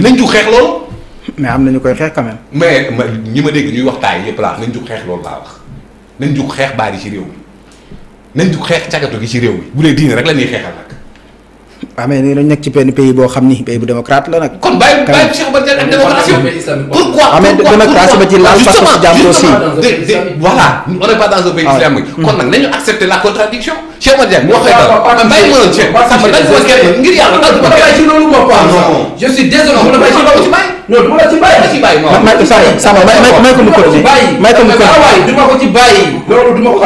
nañ jug xeex loolu. mais am na ñu koy xeex quand mais ma ñi ma dégg ñuy waxtaay yëpp laa nañ jug xeex loolu laa wax nañ jug xeex baari ci réew mi nañ du xeex cagatu gi ci réew mi bu dee diine rek la ñuy xeexal nag. ah mais dañu nekk ci benn boo xam ni pays bu démocrate la nag. kon bàyyi bàyyi Cheikh Bara Diène ak démocratie. ba ci laal façon si jàmm aussi. voilà on n'est pas nag nañu accepter la contradiction Cheikh Bara Diène mu non duma la ci bàyyi. ma ci bàyyi sama may ko mu continuer may ko mu continuer duma ko ci bàyyi. loolu duma ko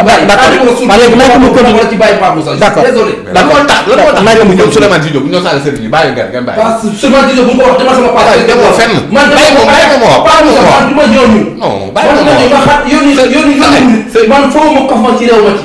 ci bàyyi. d'accord d'accord mu ñëw Souleymane Diop bu ñu doon saaga sëriñ yi bàyyi nga nga bàyyi. parce que Souleymane Diop bu ko wax dama sama papa. demoo fenn man bàyyi ko bàyyi ko moo. paa Moussa man duma ñooñu. non bàyyi ko moo man foo ma kaf ma ci réew ma ci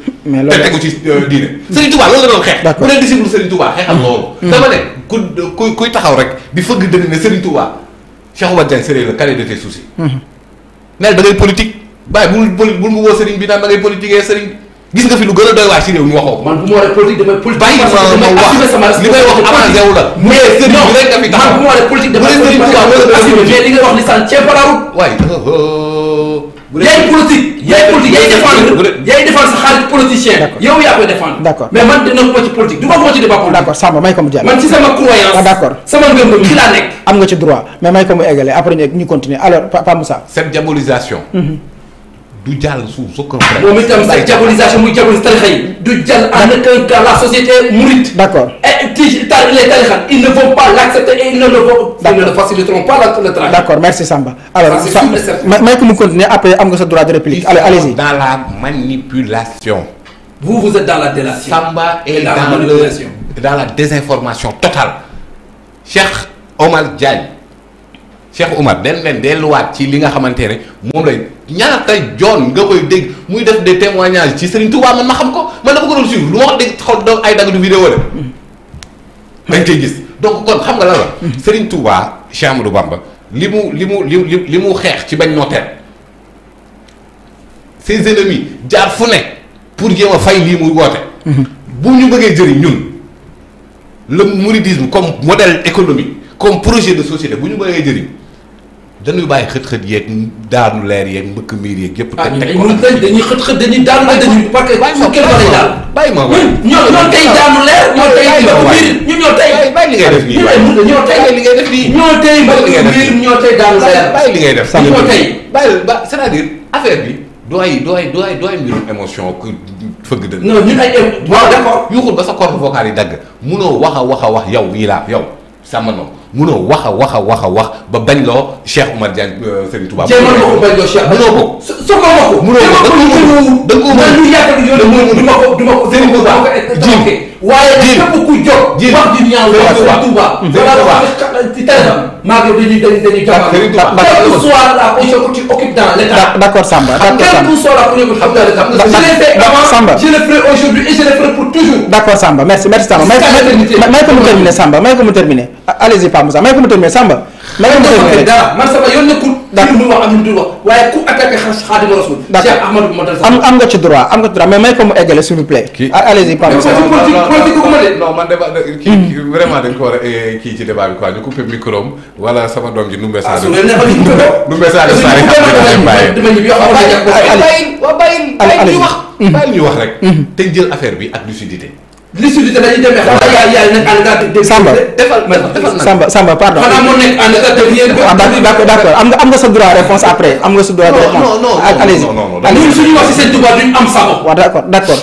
mais loolu tegu ci euh, diine hmm. Serigne Touba loolu la xeex ku ne disciple Serigne Touba xeexal hmm. loolu hmm. dama ne ku kuy taxaw rek bi fëgg dënn ne Serigne Touba Cheikh Oumar Diagne serait le da ngay politique bàyyi bul bul bul mu woo bi da ngay politiquer Serigne gis nga fi lu gën a doy waar ci réew mi waxoo ko. man bu wax li may wax avancé wu la. mais sëriñ bi rek nga fi taxaw man yaay politique yaay politique yaay défendre yaay défendre sa xaalis politicien. yow yaa koy défendre. d' accord mais ci politique du ma ko ci débat politique. d' may ko mu jàll. ci sama a ah, d' accord sama ngëm-ngëm ci laa nekk. am nga ci droit mais may ko mu eggalee après ñu continuer alors Pa Moussa. cette diabolisation. Mm-hmm. du jàll su soo ko. moom itam sa diabolisation muy diabolise tarixa yi. du jàll en aucun cas la société mouride. d' accord et ti tar les tarixa ils ne vont ne le vont. d' accord ne le faciliteront pas la travail. d' merci Samba. alors ça may continuer après am nga sa droit de réplique. allez allez-y dans la manipulation. vous vous êtes dans la délation. Samba est dans la manipulation dans la désinformation totale. Cheikh Omar Diagne. Cheikh Oumar den leen delluwaat ci li nga xamante ne moom lay ñaata joon nga koy dégg muy def des témoignages ci Serigne Touba man ma xam ko man dafa ko doon suivre lu ma wax dégg xaw doon ay dagg du vidéo la. Hmm. dañ koy gis donc kon xam nga lan la. Hmm. Serigne Touba Cheikh Amadou Bamba li mu li mu li li mu xeex ci bañ nooteel ses ennemis jaar fu ne pour jéem a fay lii muy woote. Hmm. bu ñu bëggee jëriñ ñun le mouridisme comme modèle économique comme projet de société bu ñu bëggee jëriñ. dañuy bàyyi xët-xët yeeg daanu leer yeeg mbëkk miir yeeg yëpp. te ah, teg ko dañuy xët-xët dañuy daanu la dañuy. parce leer. ñoo mbëkk miir ñu ñoo tey. ngay def nii daanu leer. bàyyi li ngay def sax ñoo tey. bàyyi ba cest affaire bi. dooy dooy fëgg dëgg. non ñun ay dagg munoo wax a wax a wax yow wii laa yow sama noonu munoo wax a waxa a wax a wax ba bañ loo Cheikh Oumar Diagne euh, Serigne Touba. jéem a ko bañ loo Cheikh munoo ko. so wax ko. munoo ko da nga ko mën ma ko si téléphone. maa ngi dañuy dañuy dañuy jàppale. quelle que soit la position que tu occupes dans l' état. d' accord Samba d' accord Samba quelle que soit la Samba je l' mu terminer Samba may mu terminer allez Pa Moussa may ko mu terminer Samba. la nga defee dara man sama yoon nekkul. d'accord lu mu wax am lu dul wax waaye ku attaqué Xaadimu Rasuul. d'accord Cheikh Ahmadou Mokhtar Sakho. am am nga ci droit am nga ci droit mais may ko mu eggale s'il vous plaît. kii allez-y pardon. non man débat kii vraiment dañ ko war a kii ci débat bi quoi ñu coupé micro am wala sama doom ji nu message. nu message saa yi xam nga dama bàyyi. bàyyi ñu wax rek. te jël affaire bi ak lucidité. lisibilité dañuy demee xam nga yaay yaay nekk Samba defal Samba Samba pardon. xanaa mu nekk en état d' accord d' accord am nga am nga sa droit réponse après am nga sa droit. non non non non suñu wax si seen tubaab duñ am sago. waaw d' accord d' accord.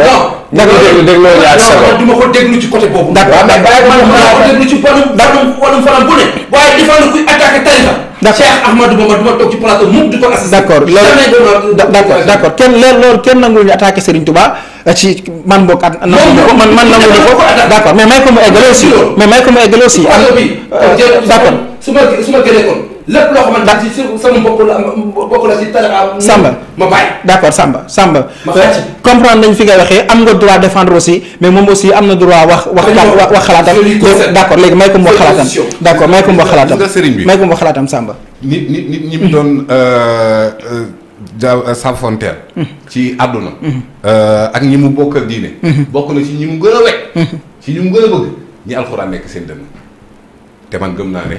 waaw duma ko déglu ci côté boobu. d' accord man duma ko déglu ci wàllum wàllum faram bu ne. waaye dafa ne kuy attaqué tarixa d'accord Cheikh Ahmadou Bamba du ma kenn loolu ñu attaqué Serigne Touba man boog at. nanguwul ko man man nanguwul ko mu eggale aussi. mais ko mu eggale aussi. ma su ma gënee kon. lépp loo xamante ne Samba ma bàyyi. Samba Samba. Euh, comprendre nañ fi nga waxee am nga droit défendre aussi mais moom aussi am na droit wax wax. wax xalaatam d' accord léegi may ko mu wax xalaatam. d' accord may ko mu wax xalaatam may nit nit ñi mu doon euh, euh, ja safonteel mm-hmm. ci àdduna. Mm-hmm. ak ñi mu bokkal diine. Mm-hmm. bokk na ci ñi mu gën ci ñi mu gën ñi alxuraan nekk seen dënn te man gëm naa ne.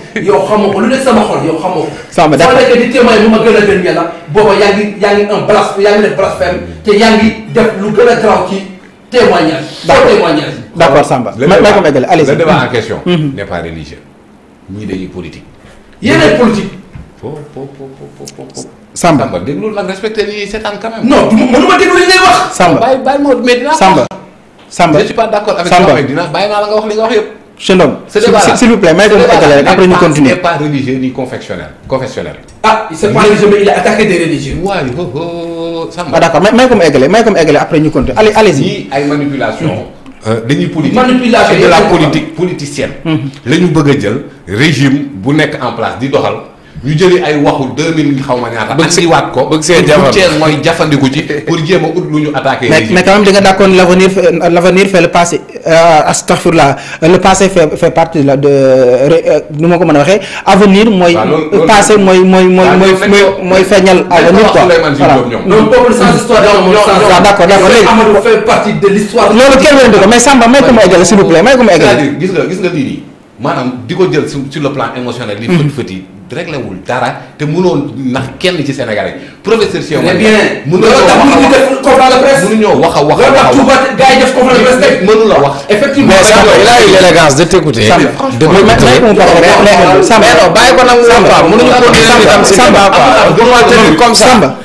yow xamoo ko lu sama xol yow xamoo ko. sama dafa soo nekkee di témoin ma gën a gën yàlla booba yaa ngi yaa ngi un blasphème yaa ngi def te yaa ngi def lu gën a garaaw ci témoignage. d'accord soo témoignage. d'accord Samba ma ma ko eggale allez-y. le débat en question. Mm-hmm. Mm-hmm. n'est pas religieux. ñii dañuy politique. yéenay politique. po po po po po po. Samba Samba déglu nag respecté li ñuy seetaan quand même. non mënuma déglu li ngay wax. Samba bàyyi bàyyi ma mais dinaa. Samba Samba je suis pas d'accord avec. Samba dinaa la nga wax li nga wax jeune homme. ce débat vous plaît may ko étaler rek après ñu continuer. pas religieux ah a attaqué oh, oh, ah, d'accord may may ko mu may ko mu après ñu continuer allez allez-y. ay manipulation euh, dañuy politique politicienne. la bëgg a jël régime bu nekk en place di doxal. ñu jëli ay waxu 2000 xaw ma ñaata. bëgg see waat ko bëgg see jafandiku ci pour jéem a ut lu ñu attaqué. mais mais quand même di nga d'accord l'avenir l'avenir fait le passé. Euh, astaghfirullah le passé fait fait partie de euh, nu ma ko mën a waxee avenir mooy. passé mooy mooy mooy mooy mooy feeñal avenir quoi voilà. loolu peuple sans histoire d' accord d' accord léegi Amadou fait partie de ko may ko may ko ma eggale. gis nga di ko jël sur le plan émotionnel. li mm-hmm. fët fët réglé wul dara te mënoon nax kenn ci Sénégalais professeur Cheikh Oumar Diagne mënul def conférence de presse mënuñoo wax a wax a wax gars yi def conférence de presse la wax effectivement mais Samba il a eu l'élégance de t'écouter de me mettre mais non bàyyi ko nag Samba mënuñu continuer tam si débat quoi comme ça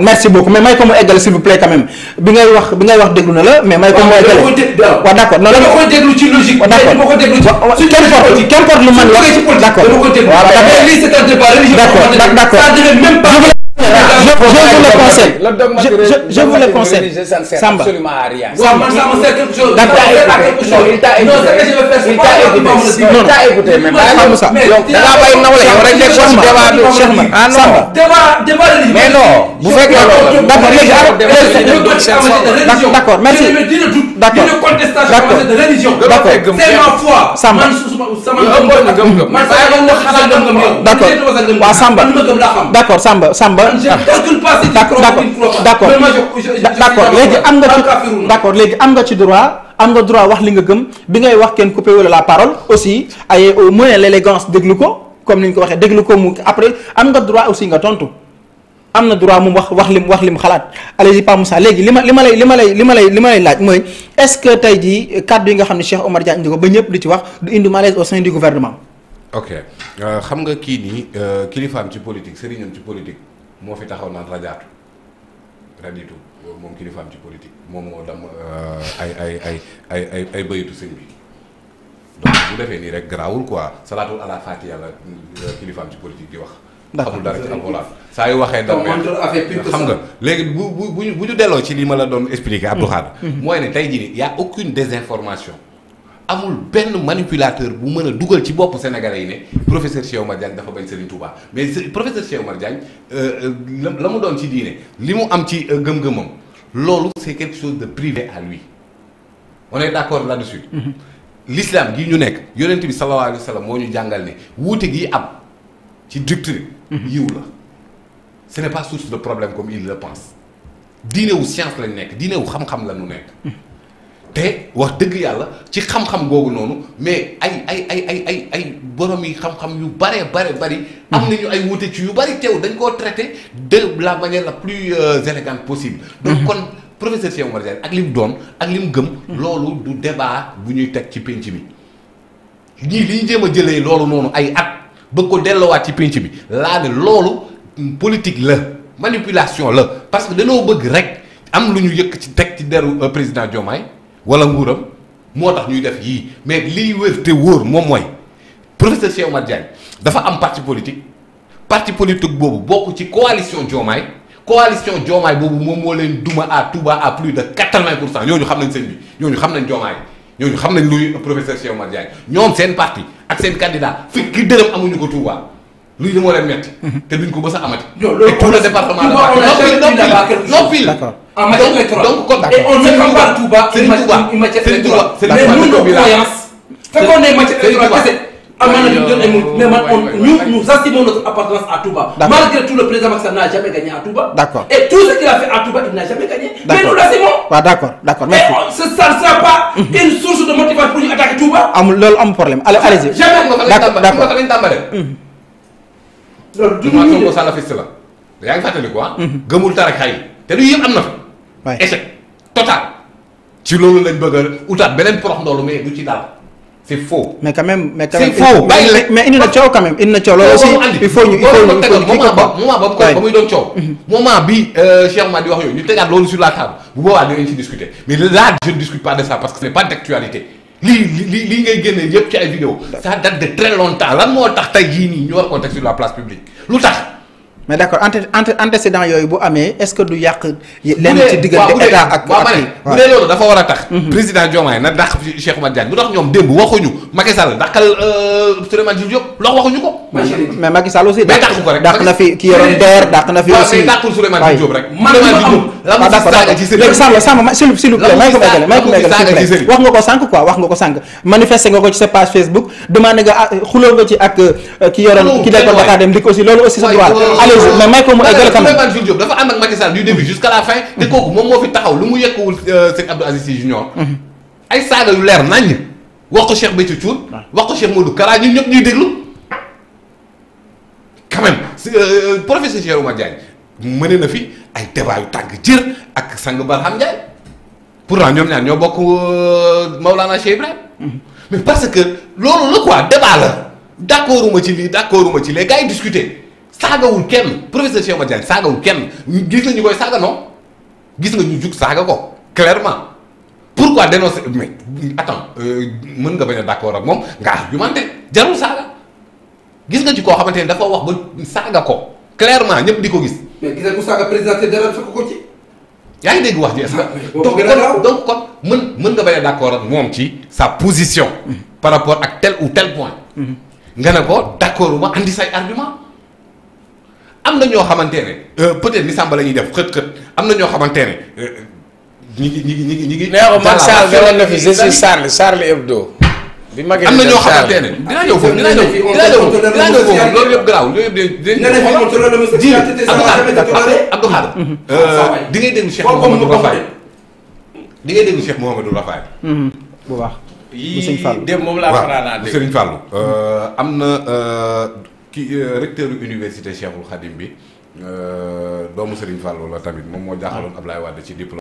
merci beaucoup mais may ko mu eggale s'il vous plaît quand même bi ngay wax bi ngay wax déglu na la mais may ko mu eggale waaw d'accord non dama koy déglu ci logique dama koy déglu ci qu'importe qu'importe lu man wax d'accord d'accord je vous le conseille je vous le conseille Samba Samba mais non bu fekkee loolu d'accord léegi d'accord merci d'accord d'accord Samba d'accord Samba Samba man je calcule pas si tu crois ou tu ne crois pas. d'accord d'accord léegi am nga ci d'accord léegi am nga ci droit am nga droit wax li nga gëm bi ngay wax kenn coupé wala la parole aussi ay au moins l'élégance déglu ko comme ni ñu ko waxee déglu ko mu après am nga droit aussi nga tontu. am na droit moom wax wax lim wax lim xalaat allez-y Pa Moussa léegi li ma li ma lay li ma lay li ma lay li ma lay laaj mooy est-ce que tey jii kàddu yi nga xam ne Cheikh Omar Diagne di ko ba ñëpp di ci wax du indi malaise au sein du gouvernement. ok euh, xam nga kii nii euh, kilifaam ci politique sëriñam ci politique. moo fi taxaw naan rajaatu raditu moom kilifaam ci politique moom moo dam euh, ay ay ay ay ay ay donc bu defee nii rek garaawul quoi salaatul ala fatiha la euh, kilifaam ci politique di wax. ndax amul dara ci alxuraan saa yu waxee. dara xam nga léegi bu bu bu ñu delloo ci li ma la doon expliquer Abdou mm. Khadre mm. mooy ne tey ji nii y' a aucune désinformation. amul benn manipulateur bu mën a dugal ci bopp Sénégalais yi ne professeur Cheikh Oumar Diagne dafa bañ Serigne Touba mais professeur Cheikh Oumar Diagne euh, euh, la mu doon ci diine li mu am ci euh, gëm-gëmam loolu c'est quelque chose de privé à lui on est d'accord là-dessus mhm. l'islam gi ñu nekk yonent bi sallallahu alayhi wa moo ñu jàngal ne wuute gi am ci doctrine mhm. yiw la ce n'est pas source de problème comme il le pense diine wu science lañ nekk diine wu xam-xam la nekk mhm. te wax dëgg yàlla ci xam-xam googu noonu mais ay ay ay ay ay ay borom yi xam-xam yu bare bare bari. am hmm. nañu ay wute ci yu bari teew dañ koo traité de la manière la plus euh, élégante possible. donc hmm. kon professeur Cheikh Oumar Diagne ak li mu doon ak li mu gëm. Hmm. loolu du débat bu ñuy teg ci pénc bi ñii li ñu jéem a jëlee loolu noonu ay at bëgg ko delloowaat ci pénc bi laa ne loolu politique la manipulation la parce que dañoo bëgg rek am lu ñu yëkk ci teg ci deru euh, président Diomaye. wala nguuram moo tax ñuy def yii mais liy wér te wóor moom mooy professeur Cheikh Oumar Diagne dafa am parti politique parti politique boobu bokk ci coalition Diomaye coalition Diomaye boobu moom moo leen duma à Touba à plus de quatre-vingt pour cent ñooñu xam nañ sëñ bi ñooñu xam nañ Diomaye ñooñu xam nañ luy professeur Cheikh Oumar Diagne ñoom seen parti ak seen candidat fii ki dërëm amuñu ko Touba. luy de moo leen metti te duñ ko bës a amati. loolu tout le département de Mbacké noppi la en matière pétrole donc kon on ne prend pas Touba en matière pétrole mais nous nos croyances fekkoon ne matière pétrole kese amaana ñu doon ay mais man on nous nous assumons notre appartenance à Touba malgré tout le président Macky Sall n'a jamais gagné à Touba d'accord et tout ce qu'il a fait à Touba il n'a jamais gagné mais nous l'assumons waaw d'accord d'accord merci mais ça ne sera pas une source de motivation pour ñu attaquer Touba amul loolu am problème allez allez-y jamais nga fa lañ tàmbalee loolu du ñu Sonko salafiste la yaa ngi fàttali quoi. Mhm. gëmul tarak xay te lu yëpp am na fa. échec total. ci loolu lañ bëgg a utaat beneen prox ndoolu mais du ci daal c'est faux. mais quand même mais quand même c'est faux bàyyi la mais indi na coow quand même indi na coow loolu aussi il faut ñu il faut ñu kii ko ba moment ba ko ba muy doon coow. Mhm. moment bi euh, Cheikh Madi wax yooyu tegaat loolu sur la table bu boobaa dinañ ci discuter mais là je discute pas de ça parce que ce n'est pas d'actualité. lii lii lii ngay génne yëpp ci ay vidéo ça date de très longtemps lan moo tax tey jii nii ñu war ko teg sur la place publique lu tax. mais d' accord ante ante antécédent yooyu bu amee est ce que du yàq. lenn ci diggante état ak ak kii bu dee loolu dafa war a tax. président Diomaye na dàq Cheikh Oumar Diagne bu tax ñoom démb waxuñu Macky Sall dàqal euh, Souleymane Jules ko. rek dàq na fi aussi waaw dàqul Souleymane Jules Diop rek. man li ah, mu gis may ko méggale may wax nga ko sànq quoi wax nga ko sànq manifesté nga ko ci sa page Facebook demandé nga ah, xuloo nga ci ak euh, ki yoroon ki nekkoon Dakar dem mais may ko mu eggale quand même Souleymane Diop dafa ànd ak Macky Sall du début jusqu'à la te kooku moom moo fi taxaw lu mu yekkuwul euh, sëñ Abdou Aziz Sy Junior mhm. ay saaga yu leer naññ wax ko Cheikh Béthio Thioune wax ko Cheikh Modou Kara ñun ñëpp ñuy déglu quand même euh, euh, professeur Cheikh Oumar Diagne mëne na fi ay débat yu tàng jër ak sang Barham Ndiaye pourtant ñoom ñaar ñoo bokk Maulana Cheikh mhm. mais parce que loolu la quoi débat la d'accorduma ci lii d'accorduma ci les gars yi saagawul kenn professeur Cheikh Oumar Diagne saagawul kenn gis nga ñu koy saaga non gis nga ñu jug saaga ko clairement pourquoi dénoncer mais attends euh, mën nga bañ a d'accord ak moom nga argumenté jarul saaga gis nga ci koo xamante ne dafa wax ba saaga ko clairement ñëpp di ko gis. mais gis nga mu saaga président te dara fekk wax ji est ce que ah, donc kon donc kon mën mën nga bañ a d'accord ak moom ci sa position. Mm-hmm. par rapport ak tel ou tel point. Mm-hmm. nga ne ko d'accord ma andi say argument am na ñoo xamante ne euh, peut-être ni sàmba la ñuy def xët xët am na ñoo xamante ne euh, ñi ngi ñi ngi ñi ngi ñi ngi. neexul man Charles demoon na fi je suis Charles Charlie Hebdo. bi ma gën a am na ñoo xamante ne dinaa ñëw foofu dinaa ñëw dinaa ñëw foofu dinaa ñëw foofu loolu yëpp garaaw loolu yëpp de. dinañ ko xool ji Abdou Khadre di ngay dégg Cheikh Mouhamadou Rafaay di ngay dégg Cheikh Mouhamadou Rafaay. Mm-hmm. bu baax. bu Sëñ Fallou yii dem moom laa faral naa dégg. Sëriñ Fallou mm-hmm. euh, am na. ki euh, recteur université Cheikhoul Khadim bi euh, doomu Serigne Fallou la tamit moom moo jaaxaloon Ablaye Wade ci diplôme